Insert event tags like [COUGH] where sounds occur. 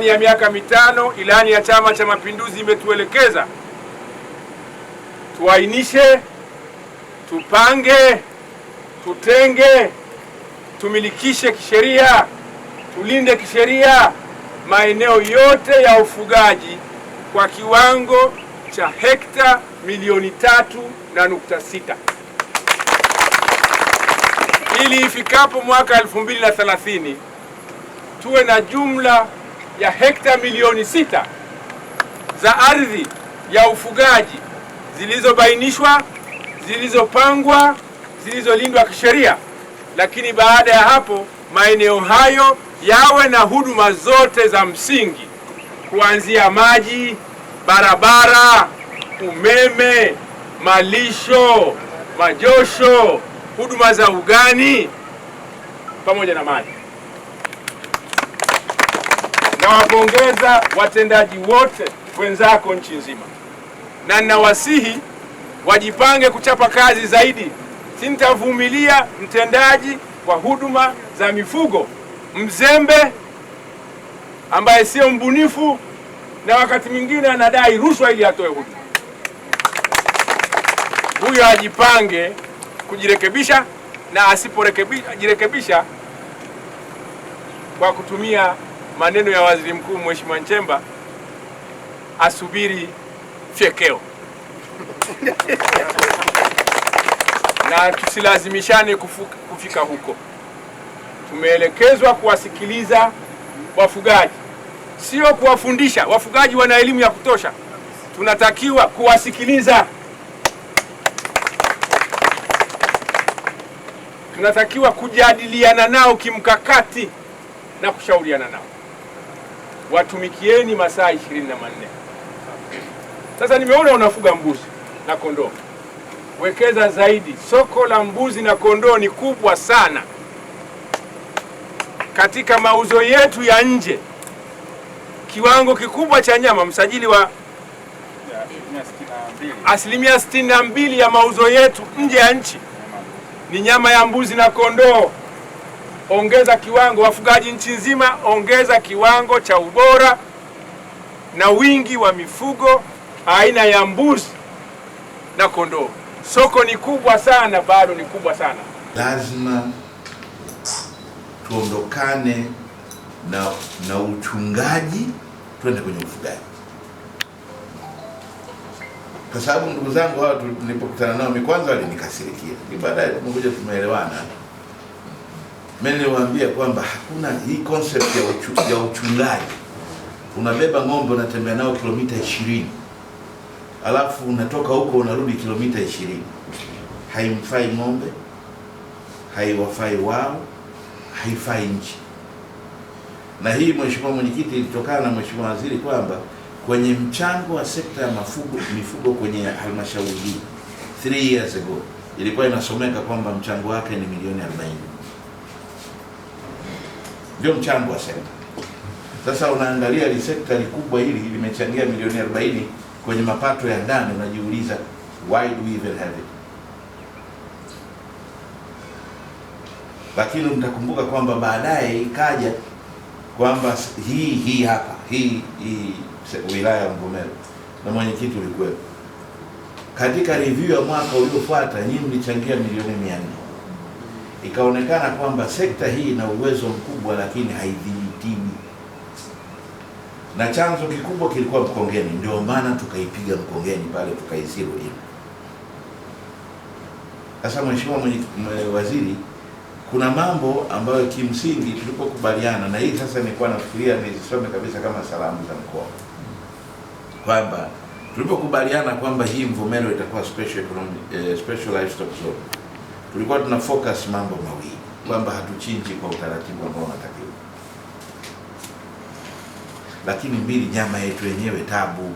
ndani ya miaka mitano, ilani ya Chama cha Mapinduzi imetuelekeza tuainishe, tupange, tutenge, tumilikishe kisheria, tulinde kisheria maeneo yote ya ufugaji kwa kiwango cha hekta milioni tatu na nukta sita ili ifikapo mwaka 2030 tuwe na jumla ya hekta milioni sita za ardhi ya ufugaji zilizobainishwa, zilizopangwa, zilizolindwa kisheria, lakini baada ya hapo maeneo hayo yawe na huduma zote za msingi kuanzia maji, barabara, umeme, malisho, majosho, huduma za ugani pamoja na maji. Nawapongeza watendaji wote wenzako nchi nzima, na ninawasihi wajipange kuchapa kazi zaidi. Sintavumilia mtendaji wa huduma za mifugo mzembe, ambaye sio mbunifu na wakati mwingine anadai rushwa ili atoe huduma. Huyo ajipange kujirekebisha, na asipojirekebisha kwa kutumia maneno ya waziri mkuu Mheshimiwa Nchemba asubiri fyekeo [LAUGHS] na tusilazimishane kufika huko. Tumeelekezwa kuwasikiliza wafugaji, sio kuwafundisha. Wafugaji wana elimu ya kutosha, tunatakiwa kuwasikiliza. Tunatakiwa kujadiliana nao kimkakati na kushauriana nao watumikieni masaa ishirini na manne. Sasa nimeona unafuga mbuzi na kondoo, wekeza zaidi. Soko la mbuzi na kondoo ni kubwa sana. Katika mauzo yetu ya nje, kiwango kikubwa cha nyama, msajili wa asilimia sitini na mbili ya mauzo yetu nje ya nchi ni nyama ya mbuzi na kondoo ongeza kiwango, wafugaji nchi nzima, ongeza kiwango cha ubora na wingi wa mifugo aina ya mbuzi na kondoo. Soko ni kubwa sana, bado ni kubwa sana. Lazima tuondokane na, na uchungaji twende kwenye ufugaji, kwa sababu ndugu zangu hawa nilipokutana nao mi kwanza walinikasirikia, ni baadaye tumekuja tumeelewana. Mmeniwaambia kwamba hakuna hii concept ya, uchu, ya uchungaji. Unabeba ng'ombe unatembea nao kilomita ishirini alafu unatoka huko unarudi kilomita 20. Haimfai ng'ombe, haiwafai wao, haifai nchi. Na hii Mheshimiwa Mwenyekiti, ilitokana na Mheshimiwa Waziri kwamba kwenye mchango wa sekta ya mafugo mifugo kwenye halmashauri hii 3 years ago ilikuwa inasomeka kwamba mchango wake ni milioni 40 ndio mchango wa sekta. Sasa unaangalia li sekta kubwa hili limechangia milioni 40 kwenye mapato ya ndani, unajiuliza why do we even have it? Lakini mtakumbuka kwamba baadaye ikaja kwamba hii hii hapa hii hii wilaya ya Mvomero na mwenyekiti ulikuwepo katika review ya mwaka uliofuata, nyinyi mlichangia milioni 400 ikaonekana kwamba sekta hii ina uwezo mkubwa, lakini haidhibitiwi, na chanzo kikubwa kilikuwa Mkongeni. Ndio maana tukaipiga Mkongeni pale, tukaisiru hiyo. Sasa Mheshimiwa Waziri, kuna mambo ambayo kimsingi tulipokubaliana na hii sasa, nilikuwa nafikiria nizisome kabisa kama salamu za mkoa, kwamba tulipokubaliana kwamba hii Mvomero itakuwa special economic, eh, special livestock zone tulikuwa tuna focus mambo mawili kwamba hatuchinji kwa utaratibu ambao unatakiwa, lakini mbili, nyama yetu yenyewe tabu